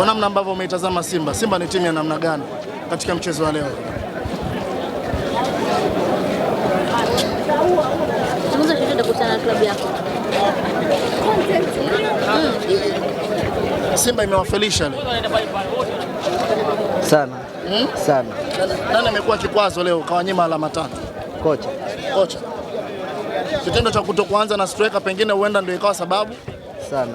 kwa namna ambavyo umeitazama Simba. Simba ni timu ya namna gani katika mchezo wa leo? Hmm. Simba imewafelisha leo sana hmm? sana. Nani amekuwa kikwazo leo kawanyima alama tatu? Kocha. Kocha. Kitendo cha kutokuanza na striker pengine huenda ndio ikawa sababu sana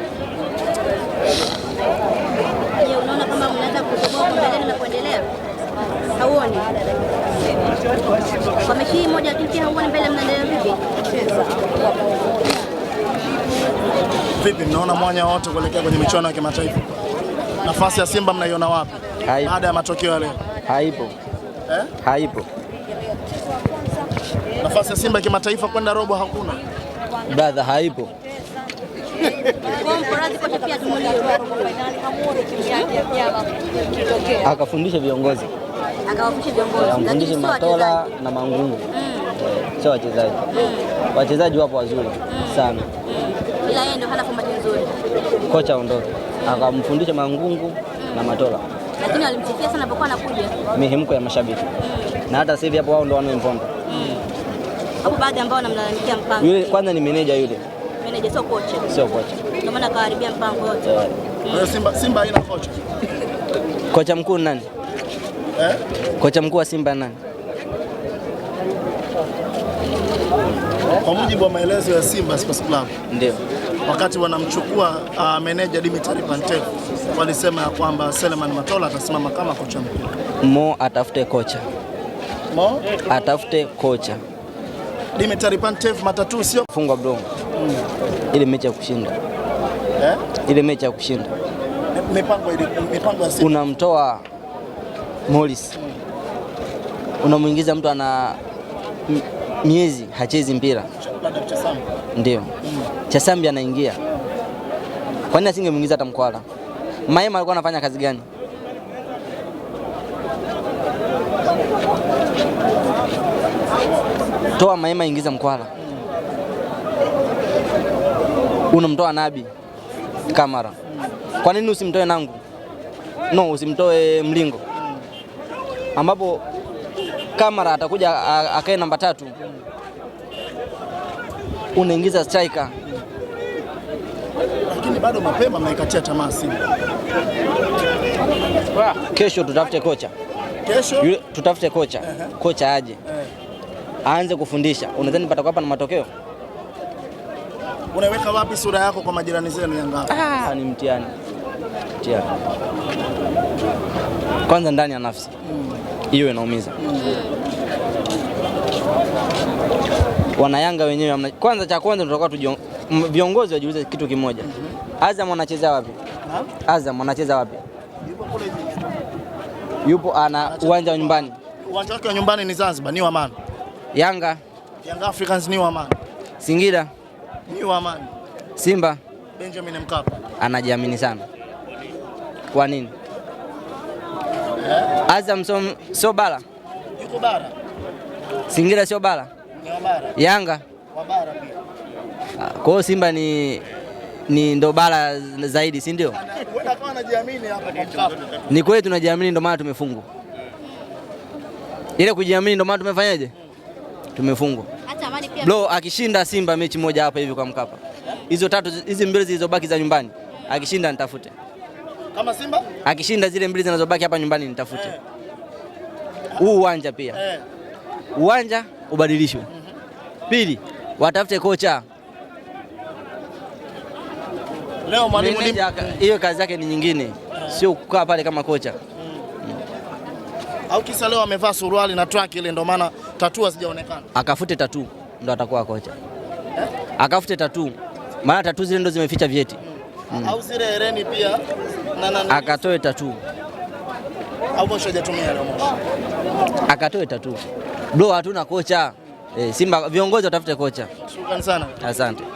Vipi, mnaona mwanya wote kuelekea kwenye michuano ya kimataifa? Nafasi ya Simba mnaiona wapi baada ya matokeo ya leo? Haipo. Eh? Haipo. Nafasi ya Simba kimataifa kwenda robo hakuna. Brother, haipo. Akafundisha viongozi amfundishe Matola na Mangungu, mm. sio wachezaji. Mm. Wachezaji wapo wazuri mm. sana ila yeye ndio hana fomati nzuri. Kocha aondoke akamfundisha Mangungu na Matola, lakini walimsikia sana alipokuwa anakuja, mihemko ya mashabiki na hata sasa hivi hapo wao ndio wanaemponda mm. hapo baadhi ambao wanamlalamikia mpango yule. Kwanza ni meneja yule, meneja sio kocha, sio kocha, ndio maana akaharibia mpango wote. Eh. Kwa Simba, Simba haina kocha. Kocha mkuu nani eh? Kocha mkuu wa Simba nani? Kwa mujibu wa maelezo ya Simba Sports Club, ndio wakati wanamchukua uh, meneja Dimitri Pantev walisema ya kwamba Seleman Matola atasimama kama kocha mkuu. Mo atafute kocha, Mo atafute kocha. Dimitri Pantev matatu sio fungwa mdomo hmm. Ile mechi ya kushinda eh? Ile mechi ya kushinda mipango ile mipango ya Simba unamtoa Morris hmm. Unamuingiza mtu ana miezi hachezi mpira, ndio Chasambi anaingia. Kwa nini asingemwingiza hata Mkwala? Maema alikuwa anafanya kazi gani? Toa Maema, ingiza Mkwala, unamtoa Nabi Kamara. Kwa nini usimtoe Nangu? No, usimtoe Mlingo ambapo Kamara atakuja akae namba tatu, unaingiza striker lakini bado mapema mnaikatia tamaa Simba. Kesho tutafute kocha, kesho tutafute kocha uh -huh. Kocha aje aanze uh -huh. kufundisha. Unadhani pata hapa na matokeo? Unaweka wapi sura yako kwa majirani zenu Yanga? Ah, ni mtihani kupitia kwanza ndani ya nafsi hiyo mm. inaumiza mm. Wanayanga wenyewe amna... kwanza cha kwanza tunataka tujion... viongozi wajiulize kitu kimoja mm -hmm. Azam anacheza wapi? Azam anacheza wapi? Yupo ana uwanja wa nyumbani, uwanja wake wa nyumbani ni Zanzibar, ni wa Yanga Yanga Africans ni wa Singida ni wa Simba Benjamin Mkapa anajiamini sana. Kwa nini Azam so, so bara? Yuko bara. Singida sio bara? Yanga wa bara pia. Kwa hiyo Simba ni ni ndo bara zaidi, si ndio? Ni kweli tunajiamini, ndo maana tumefungwa. Ile kujiamini ndo maana tumefanyaje? Tumefungwa. Bro, akishinda Simba mechi moja hapa hivi kwa Mkapa, hizo tatu hizi mbili zilizobaki za nyumbani, akishinda nitafute. Kama Simba akishinda zile mbili zinazobaki hapa nyumbani nitafute eh. huu uwanja pia eh. uwanja ubadilishwe. mm -hmm. Pili, watafute kocha leo mwalimu hiyo kazi yake ni nyingine eh. sio kukaa pale kama kocha mm. au kisa leo amevaa suruali na track ile, ndio maana tatuu hazijaonekana. Akafute tatuu, ndo atakuwa kocha eh? Akafute tatuu, maana tatuu zile ndo zimeficha vyeti. Mm mm. au zile hereni pia na akatoe tatu au mwisho hajatumia na mwisho akatoe tatu bro, hatuna kocha eh, Simba viongozi watafute kocha. Shukrani sana, asante.